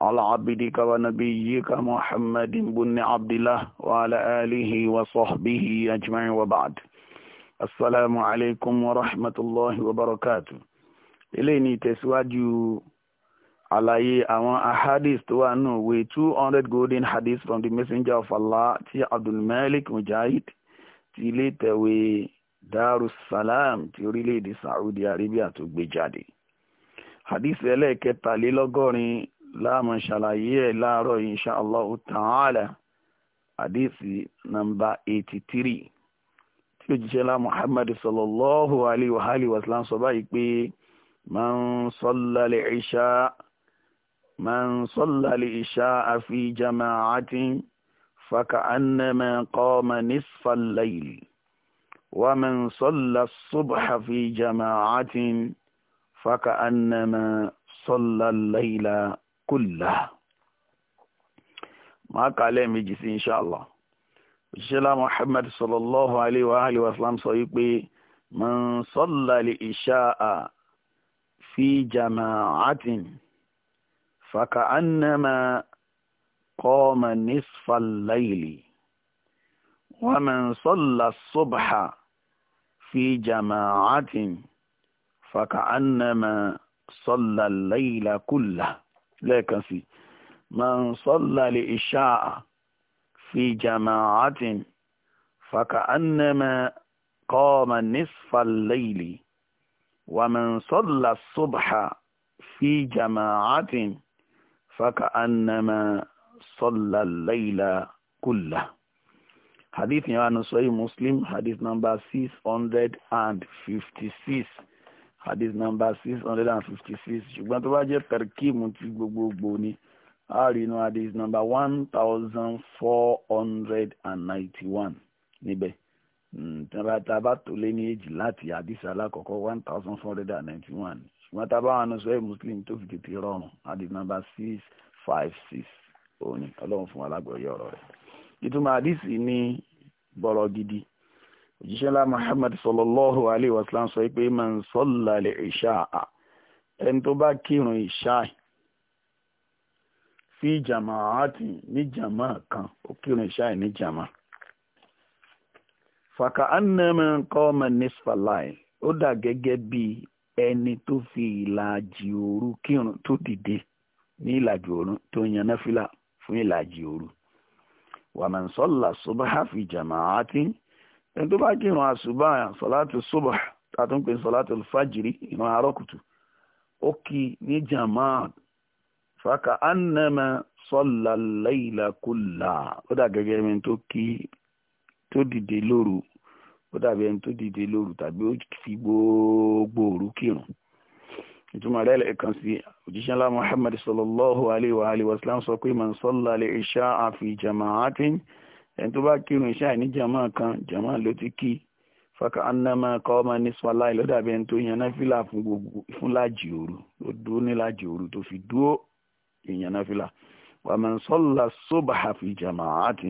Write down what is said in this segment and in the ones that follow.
على عبدك ونبيك محمد بن عبد الله وعلى آله وصحبه أجمعين وبعد السلام عليكم ورحمة الله وبركاته eléyìí ni ìtẹ̀síwájú àlàyé àwọn ahadith tó wà nù wé two hundred golden hadith from the messenger of Allah ti abdulmalik mujahid ti ilé tẹ̀wé darussalam ti orílẹ̀-èdè saudi arabia tó gbé jáde hadith ẹlẹ́ẹ̀kẹtàlélọ́gọ́rin láàmú ṣàlàyé ẹ̀ láàárọ̀ insha Allahu ta'ala àdìsí nàmbà eighty three tí òjíṣẹ́ lá Muhammad sallallahu alayhi wa alihi wa sallam sọ báyìí pé man salla al-isha man salla al-isha fi jama'atin faka'annama qama nisfa al-layl wa man salla subha fi jama'atin faka'annama salla al-layla. كلها ما قال قالهم يجي ان شاء الله السلام محمد صلى الله عليه واله وسلم سيقي من صلى لإشاء في جماعة فكأنما قام نصف الليل ومن صلى الصبح في جماعة فكأنما صلى الليل كله lẹ́ẹ̀kan sí man salla li isha'a fi jama'atin faka'annama qama nisfa al-layli wa man salla subha fi jama'atin faka'annama salla al-layla kullah hadith yẹn sọ́yìn muslim hadith number six hundred and fifty six hadith number six hundred and fifty six ṣùgbọ́n tó bá jẹ́ tarkim ti gbogbogbò ni a rí inú hadith number one thousand four hundred and ninety one níbẹ̀ hmm, tí a bá tó lé ní èjì láti hadith alákọ̀ọ́kọ́ one thousand four hundred and ninety one ṣùgbọ́n tá a bá wà ní sọ ẹ́ muslim tó fi tètè rọrùn hadith number six five six òní ọlọ́run fún alágbọ̀ọ́yé ọ̀rọ̀ rẹ̀ ìtumọ̀ hadith ní bọ̀rọ̀ gidi òjíṣẹ́ ńlá muhammad sallallahu alayhi wa sallam sọ pé man salla li isha'a ẹni tó bá kírun ìṣáì fi jama'ati ní jàmá kan ó kírun ìṣáì ní jàmá fàkà annama qama nisfa layl ó dà gẹ́gẹ́ bí ẹni tó fi ìlàjì òru kírun tó dìde ní ìlàjì òru tó yan náfìlà fún ìlàjì òru wa man salla subha fi jama'ati ẹni tó bá kírun àṣùbà sọ̀látù ṣùbà tàtúnpé sọ̀látù fàjìrì ìran àárọ̀ kùtù ó kí ní jàmáà fàkà ánàmà sọ́là láìlà kùlà ó dà gẹ́gẹ́ ẹni tó kí tó dìde lóru ó dàbí ẹni tó dìde lóru tàbí ó fi gbogbo òru kírun ìtumọ̀ rẹ̀ lẹ́ẹ̀kan sí òjíṣẹ́ ńlá muhammad sallallahu alayhi wa alihi sọ pé man sọ́là lè ṣá àfi jama'atin ẹni tó bá kírun ìṣáì ní jàmá kan jàmá ló ti kí faka anama kọ́ọ́mà ní sọláì lọ́dàbí ẹni tó yan náfìlà fún gbogbo fún láàjì òru ló dúró ní láàjì òru tó fi dúró ìyan náfìlà wàmọ̀ sọ́là sóbàá fi jàmá àti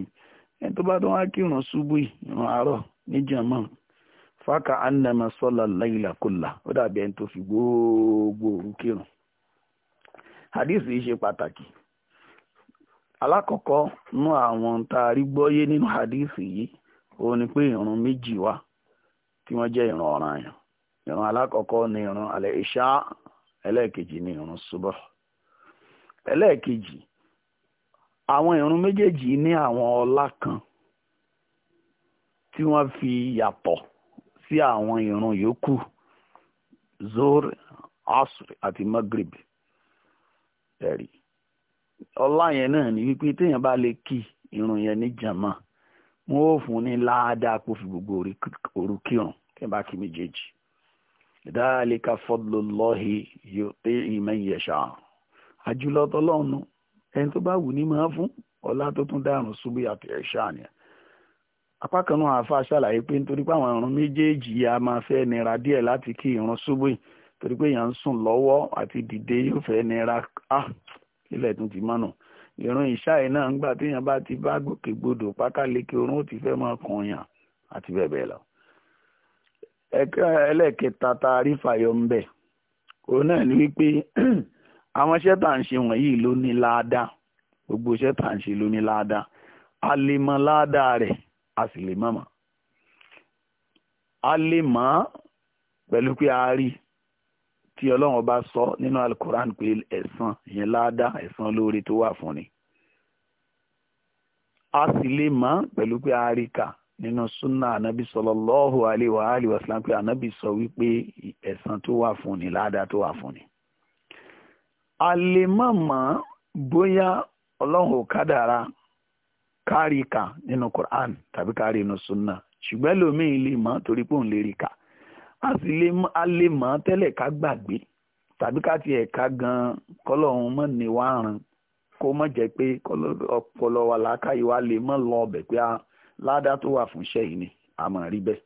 ẹni tó bá tó wá kírun ṣubú ìrun àárọ̀ ní jàmá faka anama sọ́là láìlà kùlà ó dàbí ẹni tó fi gbogbo òru kírun hadith yìí ṣe pàtàkì alákọ̀ọ́kọ́ nú àwọn tá a rí gbọ́yé nínú irun yìí òun ni pé ìrun méjì wà tí wọ́n jẹ́ irun ọ̀ranyàn ìrun alákọ̀ọ́kọ́ ni ìrun alẹ́ ìṣá ẹlẹ́ẹ̀kejì ni ìrun subọ̀ ẹlẹ́ẹ̀kejì àwọn méjèèjì ní àwọn ọlá kan tí wọ́n fi yàtọ̀ sí àwọn ìrun yòókù zor asr àti magrib ẹ̀rí ọlá yẹn náà ni wípé téèyàn bá lè kí irun yẹn ní jàmá wọn ò fún ní kó fi gbogbo kí n bá kí méjèèjì dhalika fadlullahi yu'tihi man yasha àjùlọ tọlọ́run ẹni tó bá wù ní máa fún ọlá tó tún dárùn ni apá kan náà ṣàlàyé irun méjèèjì a máa fẹ́ nira díẹ̀ láti kí irun yìí torí pé èèyàn ń sùn lọ́wọ́ àti nira ah! ilẹ̀ tún ti mọ́nà ìrun ìṣáì náà ńgbà téèyàn bá ti bá gbòkègbodò pákáleke orun ó ti fẹ́ máa kàn yàn àti bẹ́ẹ̀ bẹ́ẹ̀ lọ. ẹ̀ka ẹlẹ́ẹ̀kẹta tá a rí fàyọ ń bẹ̀ òun náà ni wípé àwọn iṣẹ́ tá ń ṣe wọ̀nyí ló ní láadáa gbogbo iṣẹ́ tá ń ṣe ló ní láadáa a lè mọ láadáa rẹ̀ a sì lè mọ̀ mọ́ a lè mọ̀ pẹ̀lú pé a rí i tí ọlọ́run bá sọ nínú alukoran pé ẹ̀san yẹn láàdá ẹ̀san lóore tó wà fún ni a sì lè mọ̀ pẹ̀lú pé a rí kà nínú súnà ànábì sallallahu alaihi wa alihi wasallam pé ànábì sọ wípé ẹ̀san tó wà fún ni láàdá tó wà fún ni a lè mọ̀ mọ̀ bóyá ọlọ́run ò kádàrá kárí nínú Quran tàbí kárí inú súnà ṣùgbọ́n lómi lè mọ̀ torí pé òun lè rí kà a sì lè a lè mọ̀ tẹ́lẹ̀ ká gbàgbé tàbí ká tiẹ̀ ká gan-an mọ̀ ní wá ràn kó mọ̀ jẹ́ pé ọpọlọ wa làákàyè wa lè mọ̀ lọ ọbẹ̀ pé ládá tó wà fún iṣẹ́ yìí ni a mọ̀ rí bẹ́ẹ̀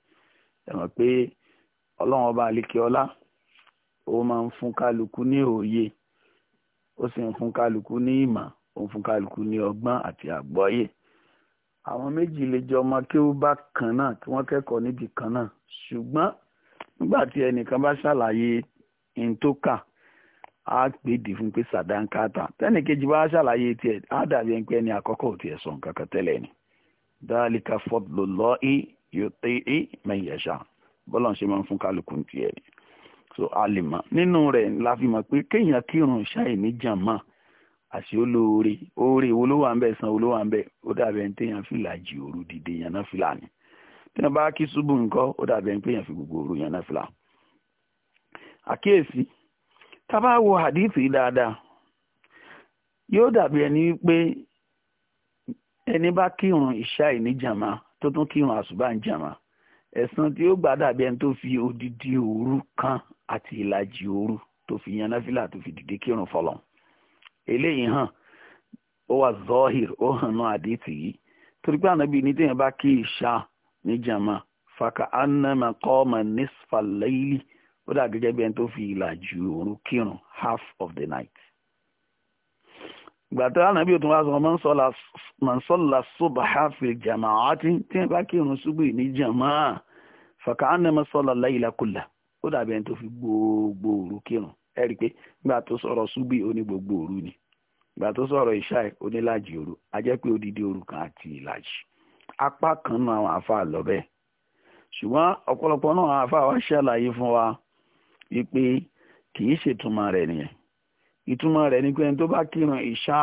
ẹ̀mọ̀ pé ọlọ́run ọba àlékè ọlá ó máa ń fún kálukú ní òye ó sì ń fún kálukú ní ìmọ̀ ó ń fún kálukú ní ọgbọ́n àti àgbọ́yé àwọn méjì lè jọ ọmọ kí ó bá kan náà kí wọ́n kẹ́kọ̀ọ́ níbi kan náà ṣùgbọ́n nígbà tí ẹnìkan bá ṣàlàyé n tó kà á pè dì fún pé sàdánkátà tẹ́nìkejì bá ṣàlàyé tiẹ̀ á dàbí ẹni pé ẹni àkọ́kọ́ ò tiẹ̀ sọ nǹkan kan tẹ́lẹ̀ ni dhalika fadlullahi yuti'i man yasha bọ́lá ń ṣe máa ń fún kálukú tiẹ̀ ni so a lè mọ̀ nínú rẹ̀ la fi mọ̀ pé kéèyàn kírun ṣáì ní jàmá àṣì olóore oore wo ló san olówó à ó dàbí ẹni téèyàn fìlà jì òru dìde yànnà fìlà ni tí wọ́n bá kí ṣubú nǹkan ó dàbí ẹni pé èèyàn fi gbogbo òru yẹn náà fìlà. àkíyèsí tá a bá wo hadithi dáadáa yóò dàbí ẹni pé ẹni bá kírun ìṣáì ní jàmá tó tún kírun àṣùbà ní jàmá ẹ̀san tí ó gbà dàbí ẹni tó fi odidi òru kan àti ìlàjì òru tó fi yan náfìlà tó fi dìde kírun fọlọ́n eléyìí hàn ó wà zọ́hìr ó hàn náà àdìtì yìí torí pé ànábì ní téèyàn bá kí ìṣá ní jama faka anama kọ́ọ̀mà nisfa layli ó dà gẹ́gẹ́ bí ẹni tó fi ìlàjì òru kírun half of the night. gbàtà ànábì òtún wá sọ mọ́nsọ́lá subaha fi jama àti tí wọ́n bá kírun ṣubú ní jama faka anama sọ́lá layla kulla ó dàbí ẹni tó fi gbogbo òru kírun ẹ rí i pé gbà tó sọ̀rọ̀ ṣubú ó gbogbo òru ni gbà sọ̀rọ̀ ìṣáì ó ní láàjì òru pé odidi òru kan àti ìlàjì. apá kan náà àwọn àfa ṣùgbọ́n ọ̀pọ̀lọpọ̀ náà àwọn àfa wa ṣàlàyé fún wa wípé kì í ṣètumọ̀ rẹ̀ nìyẹn ìtumọ̀ rẹ̀ ni pé ẹni tó bá kírun ìṣá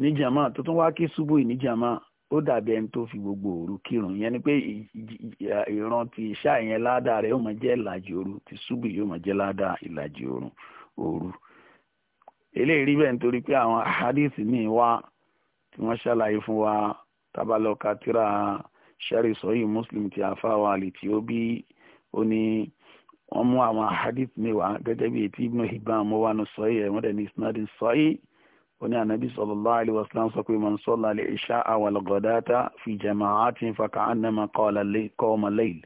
níjàmá tó tún wá kí ṣubú níjàmá ó dàbí fi gbogbo òru kírun ni pé ìran ti ìṣá yẹn ládàá rẹ̀ yóò máa jẹ́ ìlàjì ti ṣubú yóò máa jẹ́ ládàá ìlàjì òru eléyìí rí pé àwọn hadith wá tí wọ́n ṣàlàyé fún wa tábàlọ́ katira sẹ́rí sọ́yì muslim ti àfáwà àlè tí ó bí ó ní wọ́n mú àwọn hadith mẹ́wàá gẹ́gẹ́ bí etí ibn hibban mọ́ wa ní sọ́yì ẹ̀ wọ́n dẹ̀ ní isnadin sọ́yì ó ní anabi sallallahu alaihi wasallam sọ pé man salla li isha'a wal ghadata fi jama'atin fa ka'annama qama layl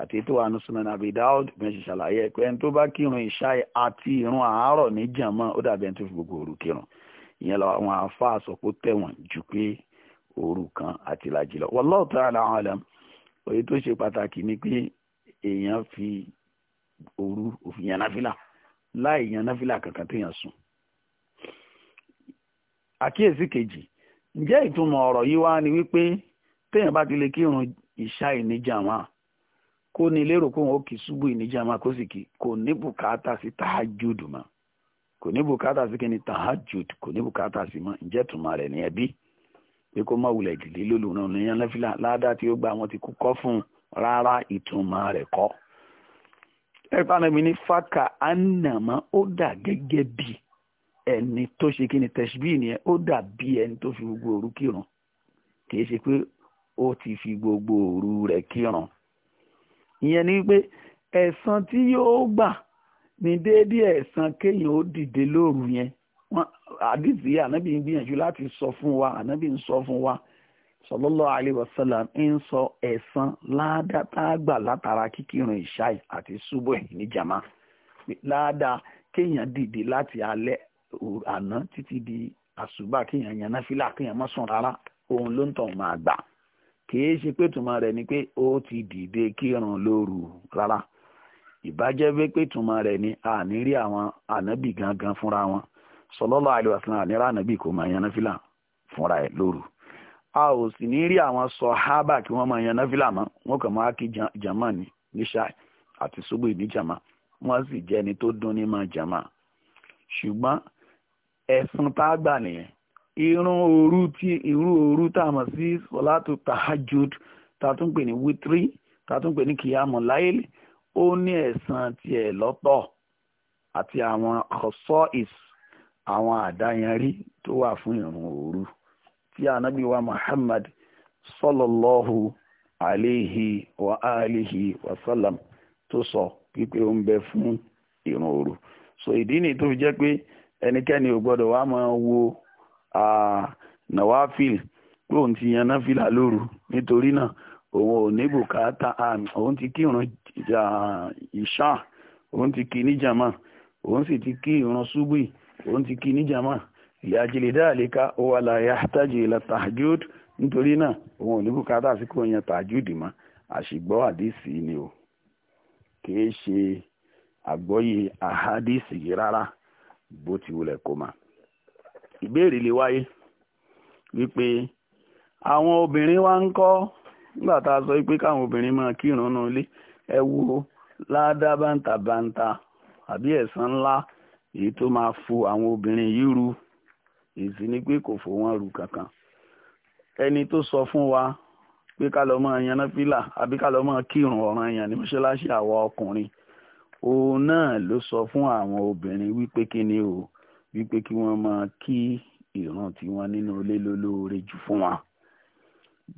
àti ètò àánú sunan abi daud bẹ́ẹ̀ ṣe ṣàlàyé pé ẹni tó bá kírun ìṣá àti ìrun àárọ̀ ní jàmá ó dàbí ẹni tó fi gbogbo òru ìyẹn làwọn àáfàá sọ pé tẹ̀wọ̀n jù pé oru kan àti ìlàjì lọ wallahu ta'ala alam òye tó ṣe pàtàkì ni pé èèyàn fi òru òfin yanáfìlà láì yanáfìlà kankan téèyàn sùn àkíyèsí kejì ǹjẹ́ ìtumọ̀ ọ̀rọ̀ yìí wá ni wípé téèyàn bá ti lè kírun ìṣá ìníjàmá kó ní lérò kó wọn ó kì í ṣubú ìníjàmá kó sì kì kò ní bùkátà sí tahajud kò ní bùkátà sí pé kó má wulẹ̀ dìde lólu náà níyàn náfìlà ládàá tí ó gba àwọn ti kú kọ́ fún un rárá ìtumọ̀ rẹ̀ kọ́. ẹ̀ka náà mi ní fáka anamọ́ ó dà gẹ́gẹ́ bí ẹni tó ṣe kí ni tẹ̀síbí nìyẹn ó dà bí ẹni tó fi gbogbo òru kírun kì ṣe pé ó ti fi gbogbo òru rẹ̀ kírun. ìyẹn ni pé ẹ̀san tí yóò gbà ní déédéé ẹ̀san kéèyàn ó dìde lóru yẹn àdìsí ànábì ń gbìyànjú láti sọ fún wa ànábì ń sọ fún wa sallallahu alaihi wasallam ń sọ ẹ̀san ládàtàgbà látara kíkírun ìṣáì àti ṣubú ẹ̀ ní jama ládàá kéèyàn dìde láti alẹ́ àná títí di àṣùbà kéèyàn yan náfìlà kéèyàn má sùn rárá òun ló ń tàn máa gbà kìí ṣe pé tùmọ̀ rẹ̀ ni pé ó ti dìde kírun lóru rárá ìbájẹ́ pé tùmọ̀ rẹ̀ ni àníírí àwọn ànábì gangan fúnra wọn sallallahu alaihi wasallam ní ránàbí kò máa yan náfìlà fúnra ẹ̀ lóru a ò sì ní rí àwọn sàhábà kí wọ́n máa yan náfìlà mọ́ wọn kàn máa kí jama ní níṣà àti sógbò ní jama wọ́n sì jẹ́ ẹni tó dún ní máa jama ṣùgbọ́n ẹ̀sùn tá a gbà nìyẹn irun òru tí irú òru tá a mọ̀ sí sọlátù tahajud tá a tún pè ní wítírì tá a tún pè ní kìyàmù láìlì ó ní ẹ̀san tiẹ̀ lọ́tọ̀ àti àwọn ọ̀sọ́ ìsù àwọn àdáyanrí tó wà fún ìrun òru tí ànábì Muhammad sọlọlọhu alayhi wa wa tó sọ pípé ó ń bẹ fún ìrun òru so ìdí to tó fi pé ẹnikẹ́ni ò gbọ́dọ̀ wá máa wo nawafil pé òun ti yan náfìlà lóru nítorí náà òun ò ní bùkátà òun ti ìṣá òun ti kí níjàmá òun sì ti kí òun ti kí ní jama ìyájílé dáàléka ó wà láyà tájì ilẹ̀ tahajud nítorí náà òun ò ní bùkátà sí kó yan tahajud mọ́ àṣìgbọ́ àdìsí ni o kìí ṣe àgbọ́yé àhádìsí rárá bó ti wulẹ̀ kó ma. ìbéèrè lè wáyé wípé àwọn obìnrin wa ń kọ́ nígbà tá a sọ pé káwọn obìnrin máa kírun nínú ilé ẹ wo ládàbàǹtàbàǹtà àbí ẹ̀san ńlá èyí tó máa fo àwọn obìnrin yìí ru èsì ni pé kò fò wọ́n ru kankan ẹni tó sọ fún wa pé ká lọ máa yan náfìlà àbí ká lọ máa kírun ọ̀ràn èèyàn ní mọ́ṣáláṣí àwa ọkùnrin òun náà ló sọ fún àwọn obìnrin wípé kí ni o wípé kí wọ́n máa kí ìran tiwọn nínú ilé lólóore jù fún wa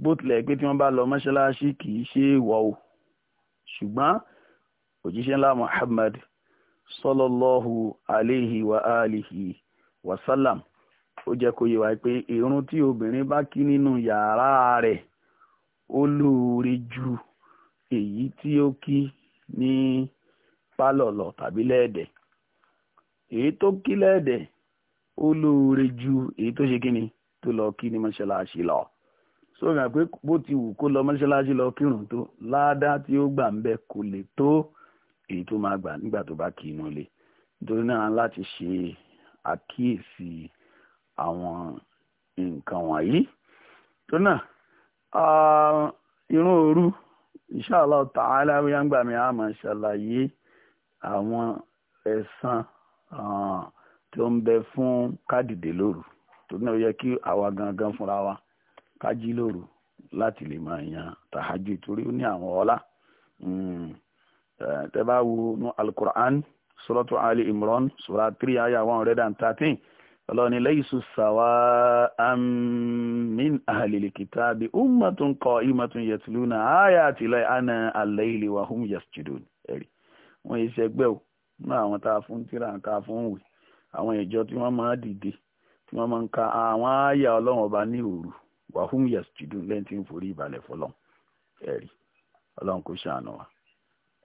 bó tilẹ̀ pé tí wọ́n bá lọ mọ́ṣáláṣí kì í ṣe é o ṣùgbọ́n òjíṣẹ́ ńlá Muhammad sọlọ́lọ́hu aléhi wa alihi wa sálàm ó jẹ́ kó yé wa pé irun tí obìnrin bá kí nínú yàrá rẹ̀ ó lóore ju èyí tí ó kí ní pálọ̀lọ̀ tàbí lẹ́ẹ̀dẹ̀ èyí tó kí lẹ́ẹ̀dẹ̀ ó lóore ju èyí tó ṣe kíni tó lọ kí ní mọ́ṣáláṣí lọ sórí àpé bó ti wù kó lọ mọ́ṣáláṣí lọ kírun tó ládàá tí ó gbà ń bẹ kò lè tó èyí tó máa gbà nígbà tó bá kì í inú ilé nítorí náà láti ṣe àkíyèsí àwọn nǹkan wọ̀nyí tó náà irun òru inshallah ta'ala bóyá ń gbà a máa ṣàlàyé àwọn ẹ̀san tó ń bẹ fún kádìdè lóru tó náà yẹ kí àwa gangan fúnra wa ká lóru láti lè máa yan tàhájú torí ó ní àwọn ọlá. Mm. Eh, tẹ́ bá wo nu imran sura aya one hundred and thirteen ọlọ́ni min ummatun qa'imatun yatluna ayati la ana al-layli wa hum yasjudun ẹ̀rí wọ́n yìí ṣẹgbẹ́ o náà àwọn tá a a fún wì àwọn ìjọ tí wọ́n máa dìde tí wọ́n máa wa hum yasjudun lẹ́yìn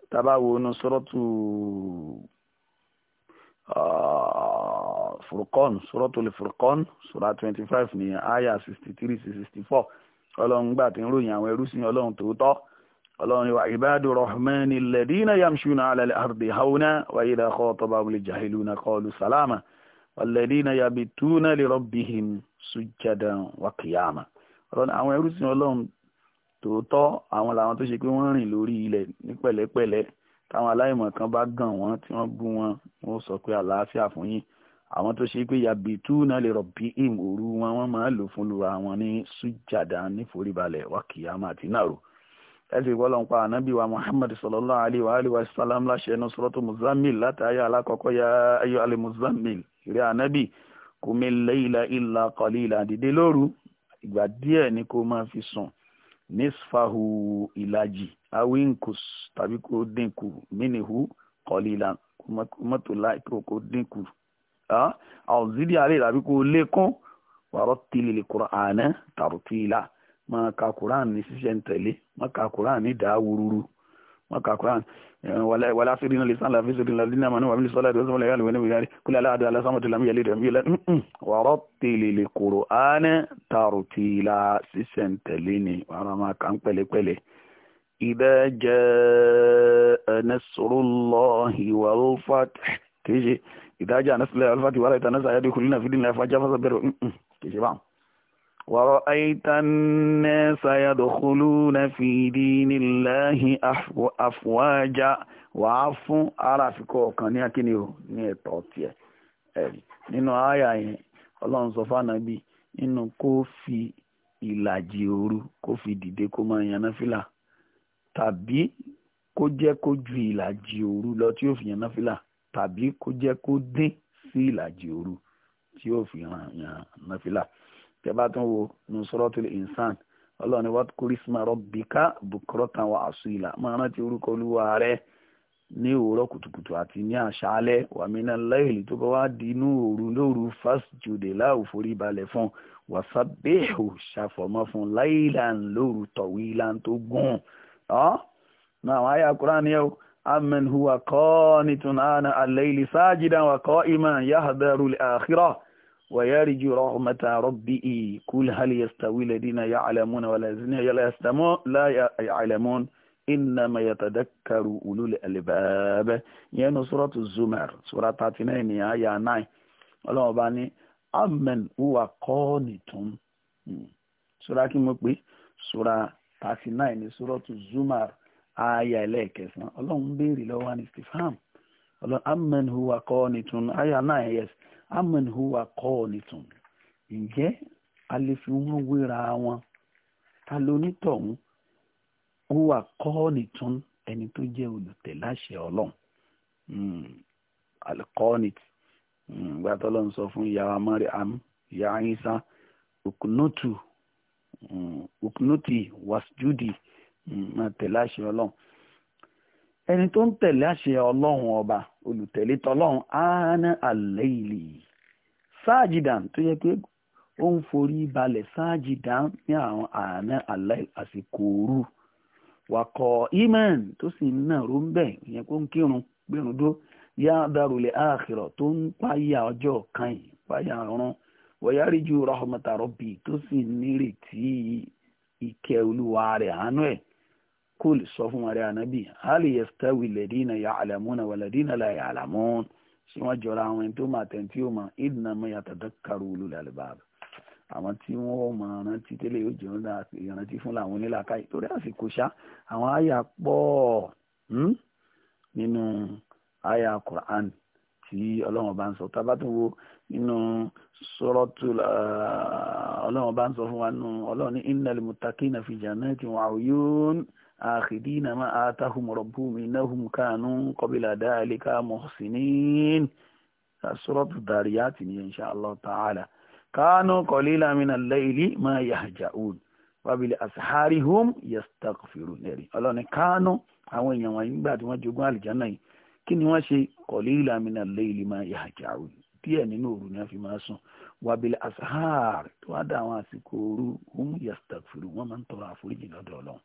tábà wo inú sọ́rọ́tù furqan sọ́rọ́tù lè furqan sọ́rọ́ twenty five ní àyà sixty three sí sixty four ọlọ́run gbà tí ń ròyìn àwọn ẹrú sí ọlọ́run tòótọ́ ọlọ́run wa ibadu rahman alladina yamshuna ala al-ardi hauna wa idha khatabahum al-jahiluna qalu salama walladina yabituna li rabbihim sujjadan wa qiyama ọlọ́run àwọn ẹrú sí ọlọ́run tòótọ́ àwọn làwọn tó ṣe pé wọ́n rìn lórí ilẹ̀ ní pẹ̀lẹ́pẹ̀lẹ́ táwọn aláìmọ̀ kan bá gàn wọ́n tí wọ́n bú wọn wọ́n sọ pé àlàáfíà fún yín àwọn tó ṣe pé yàbí túnà lè rọ̀ bí im òru wọn wọ́n máa lò fún lura wọn ní sùjàdá níforíbalẹ̀ wákìyàmà àti nàró ẹsẹ̀ ìwọ́lọ̀ ń pa ànábì wa muhammad sallallahu alayhi wa alihi wa sallam láṣẹ ẹnu suratu muzammil látàáyà alákọ̀ọ́kọ́ ya ayyuha al-muzammil ìrẹ́ ànábì kumil layla illa qalila dìde lóru ìgbà díẹ̀ ni kó máa fi sùn nisfahu ilaji awinkus tàbí kó dínkù minihu kọlílan mọ́tò láì kó dínkù ọ̀zídì ah, àárẹ̀ tàbí kó lékún wàrọ̀ tìlìlì kùránà tàrùtìlà máa ka kùránì ní ṣíṣẹ́ ń tẹ̀lé máa ka kùránì ní dàá wúrúrú. wọ́n kà kúrán wàlá sí ìdínà lìsàn láfi sí ìdínà lìsàn mọ́nà wàmí lìsàn láti ọ̀sán ìyàlú wẹ́nìwé yàrí kúlẹ̀ aláàdé alásàmọ̀tì lámì yẹlé rẹ̀ mílẹ̀ wọ̀rọ̀ tìlìlì kúrò ánẹ́ tààrù tìlà sísẹ̀ntẹ̀lé ni wàrà máa kà ń pẹ̀lẹ́pẹ̀lẹ́ ìdá jẹ́ ẹnẹ́sọ̀rọ̀lọ́hì wàlúfàtì kìí ṣe ìdájà ẹnẹ́sọ̀rọ̀lọ́hì wàlúfàtì wàrà ìtànẹ́sọ̀ ورأيت الناس يدخلون في دين الله أفواجا وعفوا أرافكو كان يكني ní ẹ̀tọ́ tiẹ̀ ẹ̀rí nínú àyà yẹn Ọlọ́run sọ fánàbí nínú kó fi ìlàjì òru kó fi dìde kó máa yànnà fìlà tàbí kó jẹ́ kó ju ìlàjì òru lọ tí ó fi yànnà fìlà tàbí kó jẹ́ kó dín sí ìlàjì òru tí ó fi yànnà fìlà tẹ́bá tún wo nusratul insan ọlọ́run ni wadhkur isma rabbika bukratan wa asila máa rántí orúkọ olúwa rẹ ní òwúrọ̀ kùtùkùtù àti ní àṣálẹ́ wàmínà láìlì tó bá wá dínú òru lóru fasjude láwù forí balẹ̀ fún wasabbihu ṣàfọ̀mọ́ fún láìlan lóru tawilan tó gùn náà àwọn àyà Kùránì ni ẹ́ amman huwa qanitun ana al-layli sajidan wa qa'iman yahdharu al-akhirah. ويرجو رحمة ربه قل هل يستوي الذين يعلمون والذين لا يعلمون إنما يتذكر أولو الألباب يعني سورة الزمر سورة 39 آية 9 ọlọ́run ọba ní amen huwa qanitun sura kí mo pè sura thirty nine ní suratu zumar aya ẹlẹ́ẹ̀kẹsàn-án ọlọ́run béèrè lọ́wọ́ ní stefan ọlọ́run amen huwa qanitun aya nine yes amman huwa qanitun ǹjẹ́ a lè fi wọ́n wéra wọn ta ló nítọ̀hún huwa qanitun ẹni tó jẹ́ olùtẹ̀láṣẹ ọlọ́run hmm, alqanit hmm, ìgbà tó lọ́n sọ fún ìyá Maryam ìyá Isa okunutu okunuti hmm, wasjudi máa tẹ̀lé àṣẹ ọlọ́run ẹni tó ń tẹ̀lé àṣẹ ọlọ́run ọba olùtẹ̀lé tọlọ́run áná àlẹ́ìlì sáàjìdàn tó yẹ pé ó ń forí balẹ̀ sáàjìdàn ní àwọn àná àsìkò òru wakọ̀ iman tó sì ń nà ró ń bẹ̀ ìyẹn kó ń kírun gbẹ̀rún dó yá darulẹ̀ àkìrọ̀ tó ń páyà ọjọ́ kan yìí páyà ọ̀run wọ̀yárí ju rahmata rabbi tó sì nírètí ìkẹ́ olúwa rẹ̀ àánú ẹ̀ kó lè sọ fún wa rẹ̀ ànábì hali yastawi ladina ya'lamuna wa ladina la ya'lamun tí wọ́n jọra àwọn ẹni tó máa tẹ̀ tí ó máa ìdùnnà mọ́ yàtọ̀ dọ́kàrú olùdàlẹ́bàbà àwọn tí wọ́n mọ̀ rántí tẹ́lẹ̀ yóò jẹun náà ìrántí fún làwọn onílàkàyè torí àsìkò ṣá àwọn àyà pọ̀ hmm, nínú àyà Qur'an tí ọlọ́run bá ń sọ tá a bá tún wo nínú sọ́rọ́tù ọlọ́run bá ń sọ fún wa nínú ọlọ́run ní innal muttaqina fi jannatin wa uyun akhidina ma atahum rabbuhum innahum kanu qabla dhalika muhsinin suratu dariyat ni insha Allah ta'ala kanu qalilan min al-layli ma yahja'un wabili asaharihum yastaghfirun ẹ̀rí ọlọ́ni kánú àwọn èèyàn wọ̀nyí nígbà tí wọ́n jogún àlìjáná yìí kí ni wọ́n ṣe qalila mina al-layli ma yahja'un díẹ̀ nínú òru ni wọ́n fi máa sùn wabili asahar tó wá dá àwọn àsìkò òru hum yastaghfirun wọ́n máa ń tọrọ àforíjì lọ́dọ̀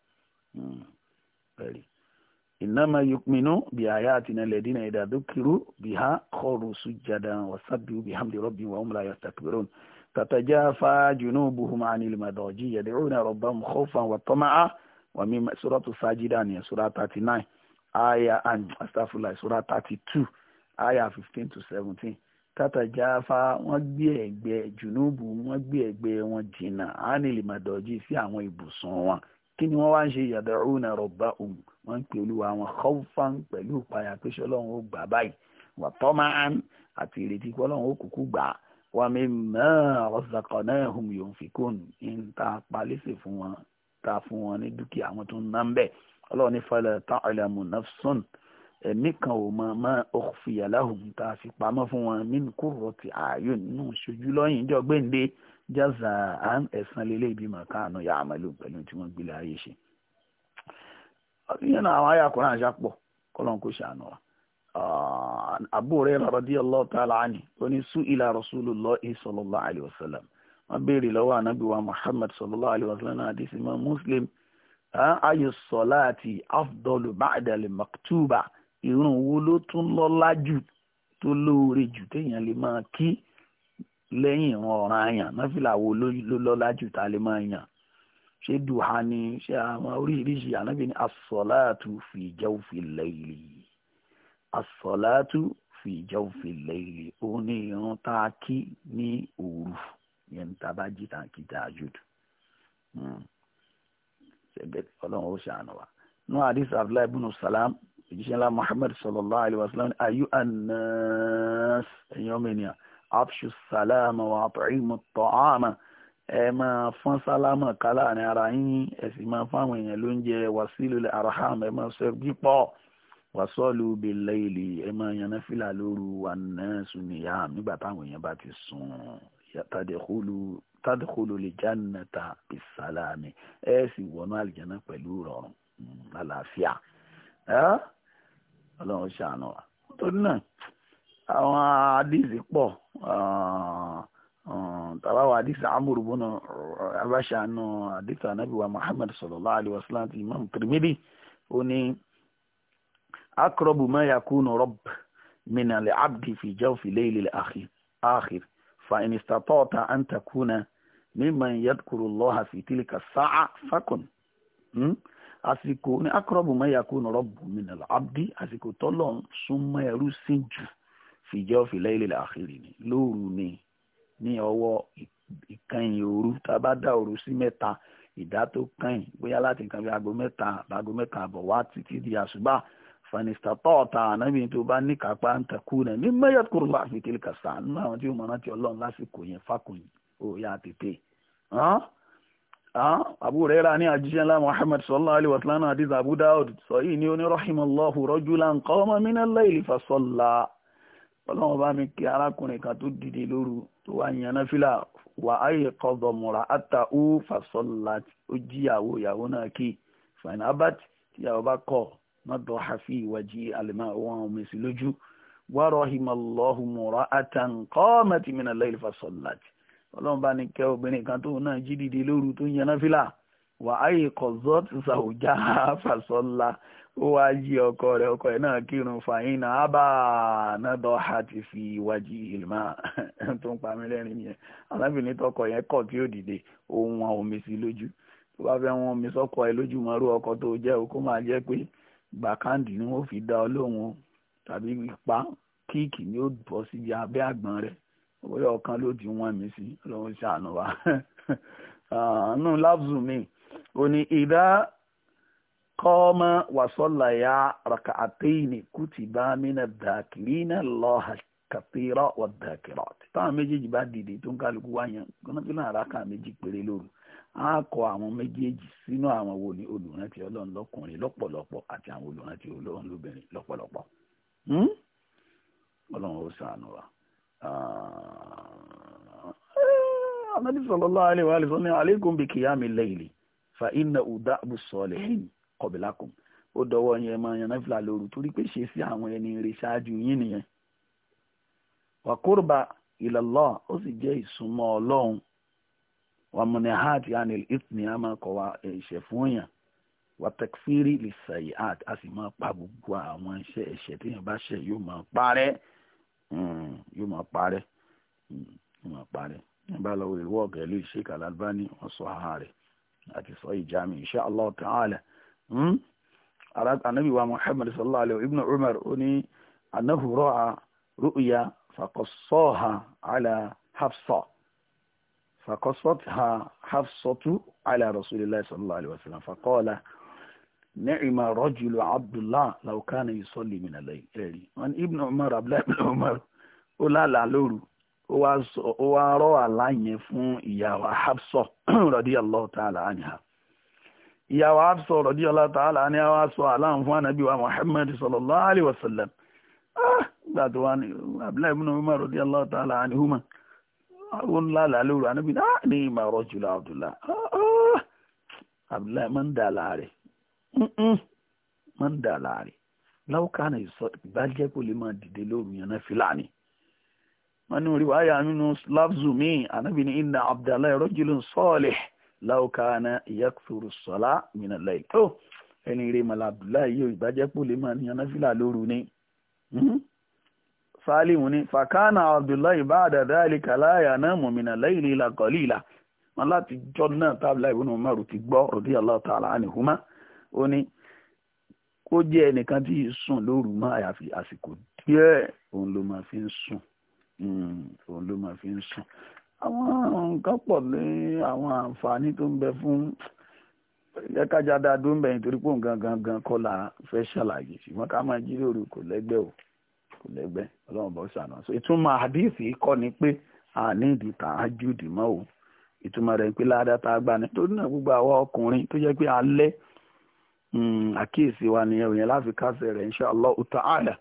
ẹ̀rí hmm. ìnáma yukminu bí àyà àti ìnàlẹ̀ dínà ìdá dókìrú bí ha kọ́ọ̀rù sùjàdà wàsábìú bí hamdi rọ́bì wà ọmọlá yastakbirun tatajafa junubuhum anil madaji yad'una rabbahum khawfan wa tama'a wa mimma suratu sajida ni sura 39 aya and astafula sura 32 aya 15 to 17 tatajafa wọ́n gbé ẹ̀gbẹ́ junubu wọ́n gbé ẹ̀gbẹ́ wọn jìnnà anil madaji sí àwọn ibùsùn wọn kí ni wọ́n wá ń ṣe yad'una rabbahum wọ́n ń pè olúwa wọn khawfan pẹ̀lú ìpayà pé ṣọlọ́run ó gbà báyìí wa tama'an àti ìrètí pé ọlọ́run ó kúkú gbà wa mimma razaqnahum yunfikun ń ta palẹ́sẹ̀ fún wọn ta fún wọn ní dúkìá wọn tó ná ń bẹ̀ ọlọ́run ní fala ta'lamu nafsun ẹ̀mí kan ò mọ ma ukhfiya lahum tá fi pamọ́ fún wọn min qurrati a'yun nínú ìṣojú lọ́yìn ìjọ gbéǹde jaza an ẹ̀sán lélẹ̀ ibi màkàánú ya àmàlù pẹ̀lú tí wọ́n gbélé ayé ṣe yẹn àwọn ayé àkùrán àṣà pọ̀ kọ́lọ́n kò ṣàánú wa ah, Abu Hurairah radiyallahu ta'ala anhu ó ní sú ila rasulullahi sallallahu alayhi wa sallam wọ́n béèrè lọ́wọ́ ànábì wa Muhammad sallallahu alayhi wa sallam náà àdìsí mọ́ Muslim ayò sọ̀lá àti afdọ́lù ba'dal maktuba ìrun wo ló tún lọ́lá jù tó lóore jù téèyàn lè máa kí lẹ́yìn ìran ọ̀ràn àyàn náfìlà wo ló lọ́lá jù tá a lè máa yàn ṣé duha ni ṣé àwọn oríṣiríṣi ànábì ní asọ̀láàtú fi jawfi layli asọ̀láàtú fi jawfi layli ó ní ìran tá a kí ní òru yẹn tá a bá jí tá a kí tá a jùdù ọlọ́run ó ṣàánú wa nú àdìs abdullahi ibn salam òjíṣẹ́ ńlá muhammad sallallahu alayhi wa sallam ayu annas ẹ̀yin ọmọ ènìyàn afṣu sàlámà wà àtọ̀ìmù tọ̀ámà ẹ máa fọ́n sálámà ká láàrin ara yín ẹ sì máa fáwọn èèyàn lóúnjẹ wàsílù araham ẹ máa sọ pípọ̀ wàsọ́ọ̀lù bìláìlì ẹ máa yànnà fìlà lóru wà náà sùnìyà nígbà táwọn èèyàn bá ti sùn tàdékùlù tadkhulu lijannata bisalami ẹ sì wọnú àlìjánná pẹ̀lú rọrùn mm, àlàáfíà ọlọ́run ṣàánú wa torí náà àwọn àdìsí pọ̀ tàbáwá àdìsí amúrú bọ́nà abáṣà nù àdìsí anábìwá muhammad sallallahu alayhi wa sallam ti imam tirimidi ó ní akọrọbù máa yakunu rọb minale abdi fi jawfi layli akhir fa inistatọ́ta an takuna mímọ̀ yadkuru lọ́ha fi tilka sáà fakun hmm? àsìkò ní akọrọbù máa yakunu rọb minale abdi àsìkò tọ́lọ̀ ń súnmọ́ sí jù fìjọ́ fìlẹ́ ilẹ̀ àkìrì ni lóru ni ní ọwọ́ ìkànnì òru tá a bá dá òru sí mẹ́ta ìdá tó kàn bóyá láti nǹkan bí aago mẹ́ta aago mẹ́ta àbọ̀ wá títí di àṣùbà fanista tọ́ọ̀ta ànábì tó bá níkàápá ń takú náà ní mẹ́yọ̀t kúrò láàfin kìlì kàṣà nínú àwọn tí ó mọ̀ láti ọlọ́run lásìkò yẹn fákùnrin ó yá tètè abu rera ní àjíṣẹ́ ńlá muhammad sallallahu alaihi wasallam hadith abu sọ yìí ni ó ní rahimallahu rajulan qama min al-layli ọlọ́run bá mi kí arákùnrin kan tó dìde lóru tó wá yan náfìlà wà áyè kọ́dọ̀ mọ̀ra àtà ó fàṣọlá ó jíyàwó ìyàwó náà kí fàìnà abat tíyàwó bá kọ̀ mọ́tò hafi ìwájí alimá wọn omi sí lójú wà rọ́hìmọ́lọ́hù mọ̀ra àtà nǹkọ́ mẹ́tìmínà lẹ́yìn fàṣọlá ọlọ́run bá ní kẹ́ obìnrin kan tó náà jí dìde lóru tó yan náfìlà wà áyè kọ́zọ́t ṣàwùjá fàṣọlá ó wá ọkọ rẹ ọkọ ẹ̀ náà kírun fàyín náà ábà nádọ́ ha ti fi wájú ìlmá tó ń pamí lẹ́rìn yẹn alábìnrin tọkọ yẹn kọ̀ tí ó dìde òun omi sí lójú tó bá ẹ lójú rú ọkọ tó jẹ́ o kó máa jẹ́ pé gbàkáǹdì ni fi dá ọ tàbí ipa ni ó síbi rẹ̀ ló ti mi sí kọ́ọ́mọ́ wàsọ́làyà raka'atayni kùtìbá mínà dàkìrínà lọ́hà kàtírọ̀ wà dàkìrọ̀ táwọn méjèèjì bá dìde tó ń kálukú wáyàn gbọ́nàfínà àràkà méjì péré lóru á kọ àwọn méjèèjì sínú àwọn wo ni olùrántí ọlọ́run lọ́kùnrin lọ́pọ̀lọpọ̀ àti àwọn olùrántí ọlọ́run lóbìnrin lọ́pọ̀lọpọ̀ hmm? ọlọ́run ó sànù wa. Ah, Ànábì sallallahu alaihi wa sallam ní alaykum bi qiyamil layli fa innahu da'bu salihin kọ̀bìlákùn ó dọwọ́ yẹn máa yan náfìlà lóru torí pé ṣe sí àwọn ẹni rẹ̀ ṣáájú yín nìyẹn wàkúrúbà ìlọlọ ó sì jẹ́ ìsúnmọ́ Ọlọ́run wàmúnẹ hàt yanil ìtìní a máa kọ wa ẹ̀ṣẹ̀ fún yàn wàtẹkfírí lìsàyè hàt a sì máa pa gbogbo àwọn iṣẹ́ ẹ̀ṣẹ̀ tí yàn bá ṣẹ̀ yóò máa parẹ́ hmm, yóò máa parẹ́ hmm, yóò máa parẹ́ yàn bá lọ wọ ìwọ ọgẹlú Sheikh al wọn sọ ààrẹ àti sọ ìjàmì insha Allah ta'ala. Hmm? anabi wa muhammad sallallahu alayhi wa ibn umar ó ní anahu ra'a ru'ya faqassaha ala hafsa faqassatha hafsatu ala rasulillahi sallallahu alayhi wa sallam faqala ni'ma rajulu abdullah law kana yusalli min al-layl ẹ̀rí wọn ibn umar abdullahi ibn umar ó lálàá lóru ó wá rọ́ àlá yẹn fún ìyá wa hafsa radiyallahu ta'ala anha ìyàwó àtúnṣọ radiyallahu ta'ala ní àwọn aṣọ aláǹ fún ànábì wa Muhammad sallallahu alaihi wasallam ah, gbà tó wà ní Abdullahi ibn Umar radiyallahu ta'ala anhuma àwọn ńláńlá lóru ànábì náà ah, ní ìmọ̀ ọ̀rọ̀ jùlọ Abdullahi ah, Abdullahi máa ń dà láàrẹ̀ máa ń dà láàrẹ̀ láwùká náà ìsọ ìbàjẹ́ kò lè máa dìde lóru yẹn náà fìlàní wọn ní orí wáyà nínú slavzu mi láwùkánà ìyàkùsùrù sọlá mìíràn lẹ́yìn tó oh, ẹni rè mọlá abdullahi yóò ìbàjẹ́pọ̀ lè máa ní anáfílà lóru ni. Mhm. sálímù ni fàkánà abdullahi bá àdàdà àlìkàláyà náà mọ̀mìnà lẹ́yìn ìlà kọ́lí ìlà wọn láti jọ náà tábìlà ìbùnú márù ti gbọ́ rọ̀dí aláàtàlá ànìhùmá ó ní kó jẹ́ ẹnìkan tí sùn lóru mọ́ àyàfi àsìkò díẹ̀ òun ló máa fi ń sùn hmm, àwọn nǹkan pọ̀ ní àwọn àǹfààní tó ń bẹ fún ẹ̀kájà dáadọ́ ń bẹ nítorí pé nǹkan gangan kọ́ la fẹ́ ṣàlàyé ṣùgbọ́n ká máa jíròrò kò lẹ́gbẹ́ o kò lẹ́gbẹ́ ọlọ́run bọ́ sànà so ìtumọ̀ àdìsí kọ́ ni pé àní ìdí tahajjud mọ́ o ìtumọ̀ rẹ̀ pé ládàá tá a gbà ní torí náà gbogbo àwa ọkùnrin tó jẹ́ pé alẹ́ hmm, àkíyèsí wa nìyẹn òyìn láfi kásẹ̀ rẹ̀ insha Allah ta'ala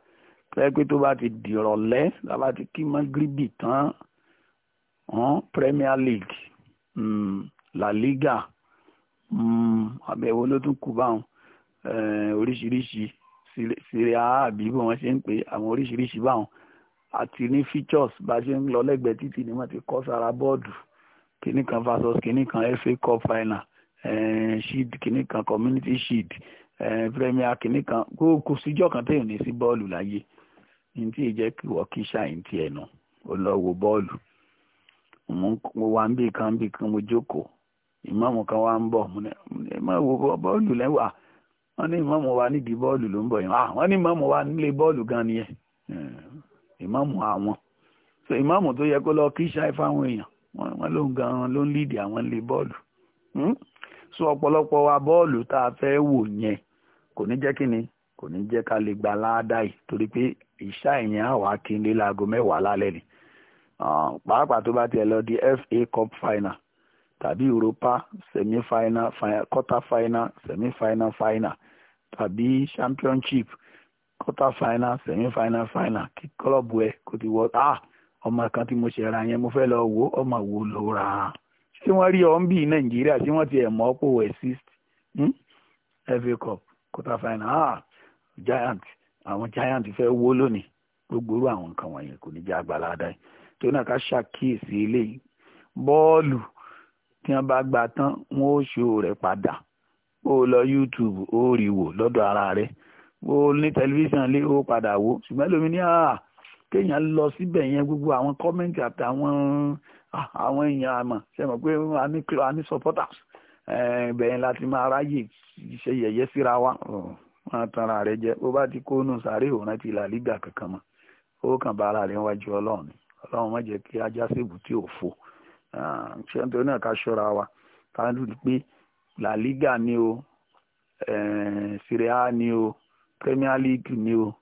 pé tó bá ti dìrọ̀lẹ́ lábá kí mọ́ gíríbì tán uh, Premier League um, La Liga um, hmm, abẹ̀wò ló tún kù báwọn uh, oríṣiríṣi Serie A àbí bí wọ́n ṣe ń pè àwọn oríṣiríṣi báwọn àti ní features bá ṣe ń lọ lẹ́gbẹ̀ẹ́ títì ni wọ́n ti kọ́ sára bọ́ọ̀dù kìíní kan versus kìíní kan FA Cup final uh, eh, shield kìíní kan community shield eh, premier kìíní kan kò síjọ́ kan téèyàn ní sí bọ́ọ̀lù láyé ní tí ì jẹ́ kí wọ́n kí ṣáà ń tiẹ̀ nù ó lọ wo bọ́ọ̀lù. mo wà ń kan kan mo kan wa ń bọ̀ mo wo bọ́ọ̀lù wa nídìí bọ́ọ̀lù ló ń bọ yẹn ah, wọ́n ní wa gan eh, àwọn so imamu tó yẹ kó lọ kí ṣáì fáwọn èèyàn wọ́n ló ń gan ló ń àwọn hmm? so ọpọlọpọ wa tá a wò kò ní kí ni kò ní ká lè gba torí pé kí n lé Ah, pàápàá tó bá tiẹ̀ lọ di FA Cup final tàbí Europa semi-final quarter final semi-final final tàbí Championship quarter final semi-final final kí kọ́lọ́bù ẹ kò ti wọ́ ah ọmọ kan tí mo ṣe ra yẹn mo fẹ́ lọ wo ọmọ wo ló ra ṣé wọ́n rí ọ ń bí Nàìjíríà ṣé wọ́n ti ẹ̀ mọ́ pò exist hmm? FA Cup quarter final ah Giant àwọn Giant fẹ́ wó lónìí gbogbo irú àwọn nǹkan wọ̀nyẹn kò ní jẹ́ àgbàlá dáì tó náà ká ṣàkíyèsí eléyìí bọ́ọ̀lù tí wọ́n bá gbà tán wọ́n ó ṣó rẹ̀ padà ó lọ YouTube ó rí wò lọ́dọ̀ ara rẹ̀ ó ní tẹlifíṣàn lé ó padà wò ṣùgbọ́n lómi ní àá kéèyàn lọ síbẹ̀ yẹn gbogbo àwọn kọ́mẹ́ǹtì àtàwọn ah, àwọn èèyàn àmọ̀ ṣe mọ̀ pé a ní supporters bẹ̀yẹn láti máa ráyè ṣe yẹ̀yẹ́ síra wa máa tanra rẹ̀ jẹ́ bó bá ti kó nù sáré òun rántí làlígbà kankan mọ́ ó kàn bá ara rẹ̀ wájú ọlọ́run ọlọ́run má jẹ́ kí ajá sèbù tí ò fò ṣé nítorí náà ká ṣọ́ra wa ká rí pé La Liga ni o Serie A ni o Premier League ni o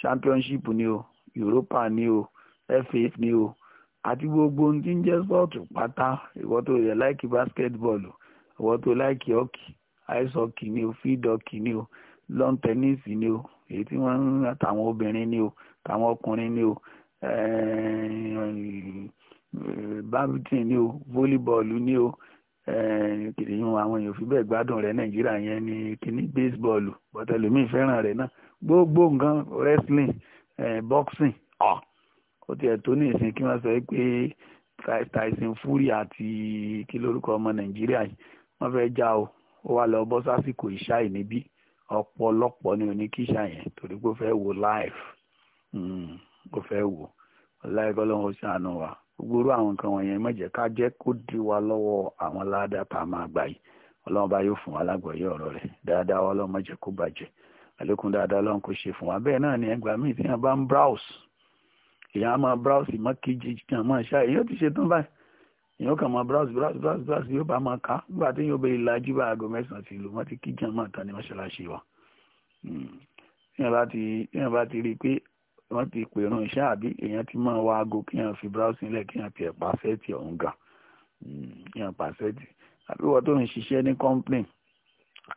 Championship ni o Europa ni o FA ni o àti gbogbo ohun tí ń jẹ́ spọ́ọ̀tù pátá ìwọ tó yẹ láìkí basketball ìwọ tó láìkí hockey ice hockey ni o field hockey ni o lawn tennis ni o èyí tí wọ́n ń tàwọn obìnrin ni o tàwọn ọkùnrin ni o Eh, badminton ni o volleyball ni o eh, kìnìún àwọn èèyàn fi bẹ́ẹ̀ gbádùn rẹ̀ nàìjíríà yẹn ni kìnìún baseball bọ́tẹ̀lómi fẹ́ràn rẹ̀ náà gbogbo nǹkan wrestling eh, boxing ó tiẹ̀ tó ní ìsìn kí wọ́n sọ pé Tyson Fury àti kí lórúkọ ọmọ nàìjíríà yìí wọ́n fẹ́ já o ó wá lọ bọ́ sásìkò ìṣá yìí níbí ọ̀pọ̀lọpọ̀ ni oníkíṣà yẹn torí pé ó fẹ́ wo live. Mm kò fẹ́ wò ọláìkọ́ lọ́wọ́ ṣàánú wa gbogbo àwọn nǹkan wọ̀nyẹn má ká jẹ́ kó di wa lọ́wọ́ àwọn ládàá tá a máa gbà yìí ọlọ́run bá yóò fún wa lágbọ̀ọ́yé ọ̀rọ̀ rẹ̀ dáadáa wa ọlọ́run má jẹ́ kó bàjẹ́ àlékún dáadáa ọlọ́run kò ṣe fún wa bẹ́ẹ̀ náà ni ẹgbàá míì tí wọ́n bá ń browse èèyàn á máa browse mọ́ kejì kan máa ṣá èèyàn ti ṣe tán báyìí èèyàn kàn máa browse browse browse browse yóò bá máa ká nígbà tí yóò bẹ ìlàjì bá aago mẹ́sàn-án ti lò wọ́n ti kí máa tán ní mọ́ṣáláṣí wa hmm. èèyàn bá ti rí i pé wọ́n ti pè ràn iṣẹ́ àbí èèyàn ti máa wá aago kí èèyàn fi bíráùsì nílẹ̀ kí èèyàn fi ẹ̀pà sẹ́ẹ̀tì ọ̀hún gan hmm, kí èèyàn pa sẹ́ẹ̀tì àbí wọ́n tó ń ṣiṣẹ́ ní complain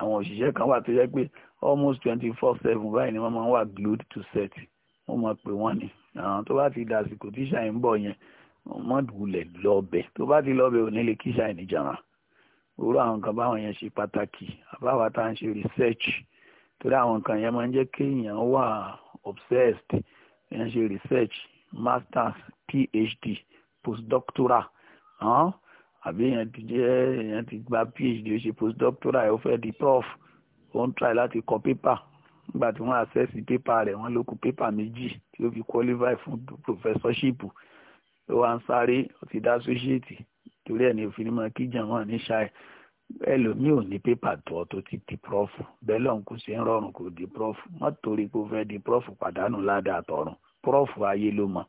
àwọn òṣìṣẹ́ kan wà tó yẹ pé almost twenty four seven báyìí ni wọ́n máa ń wà glued to set wọ́n máa pè wọ́n ni àwọn tó bá ti dàsìkò tíṣà ń bọ̀ yẹn wọ́n dùlẹ̀ lọ́bẹ̀ tó bá ti lọ́bẹ̀ ò ní lè kíṣà ìníjàmá òwúrọ̀ àwọn kan báwọn yẹn ṣe pàtàkì àbáwá tá à ń ṣe research torí àwọn kan yẹn máa ń jẹ́ kéèyàn wà obsessed èèyàn ṣe research masters phd postdoctoral àbí èèyàn ti jẹ́ èèyàn ti gba phd ó ṣe postdoctoral ó fẹ́ di prof ó ń try láti kọ paper nígbà tí wọ́n access paper rẹ̀ wọ́n ló kù paper méjì tí ó fi qualify fún professorship ó wá ń sáré ó ti dá associate torí ẹ̀ ní òfin mọ́ kíjà wọn ní ṣáà ẹlòmíì ò ní pépà tó tó ti di prọ́fù bẹ́ẹ̀ lọ́n kò sí ń rọrùn kò di prọ́fù má torí pé ó fẹ́ di prọ́fù pàdánù ládàá tọ̀run prọ́fù ayé ló mọ̀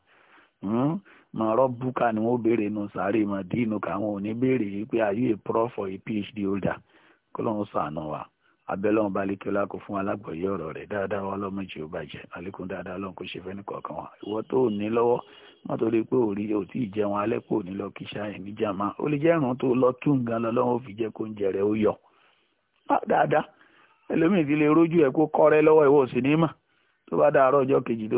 mọ̀ hmm? ọ̀rọ̀ búkà ni wọ́n béèrè nu sàárè mọ̀ díìnù káwọn ò ní béèrè pé ayé prọ́fù phd holder kó lóun sànù wa abẹ́lọ́run bá lékè ọlá kó fún alágbọ̀yé ọ̀rọ̀ rẹ̀ dáadáa wa lọ́mọ jì ó bàjẹ́ àlékún dáadáa ọlọ́run kó ṣe fẹ́ nìkọ̀ọ̀kan wa ìwọ tó ò ní lọ́wọ́ má torí pé ò rí òtí ìjẹun alẹ́ pò ní lọ kíṣà ẹ̀ ní jàmá ó lè jẹ́ ìrùn tó lọ tún gan lọ́lọ́run ó fi jẹ́ kó ń jẹrẹ ó yọ. dáadáa ẹlòmíì ti lè rójú ẹ kó kọ́rẹ́ lọ́wọ́ ìwọ sí tó bá dáàárọ̀ ọjọ́ kejì tó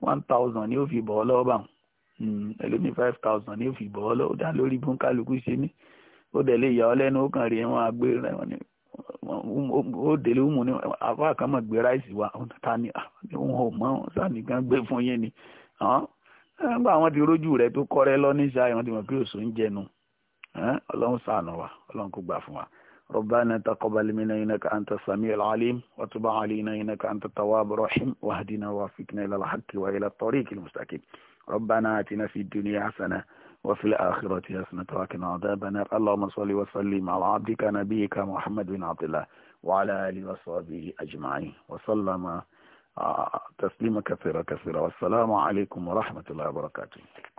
one thousand ni ó fi bọ́ hmm, five thousand ni ó fi bọ́ ọ lọ́wọ́ ó dẹ̀ lè yà ọ́ lẹ́nu ó kàn rí wọn àgbé rẹ̀ wọn ni ó délé ó mú ni àfa kan mọ̀ gbé ráìsì wa ta ni wọn ah, ò mọ̀ sani kan gbé fún yín ni nígbà àwọn ti rójú rẹ̀ tó kọ́ rẹ lọ ní ṣáà wọn ti mọ̀ pé òṣò ń jẹnu ọlọ́run ṣàánú wa ọlọ́run kò gbà fún wa. ربنا تقبل منا إنك أنت السميع العليم وتب علينا إنك أنت التواب الرحيم واهدنا وافقنا إلى الحق وإلى الطريق المستقيم ربنا آتنا في الدنيا حسنة وفي الآخرة حسنة وقنا عذاب النار اللهم صل وسلم على عبدك نبيك محمد بن عبد الله وعلى آله وصحبه أجمعين وسلم آه، تسليما كثيرا كثيرا والسلام عليكم ورحمة الله وبركاته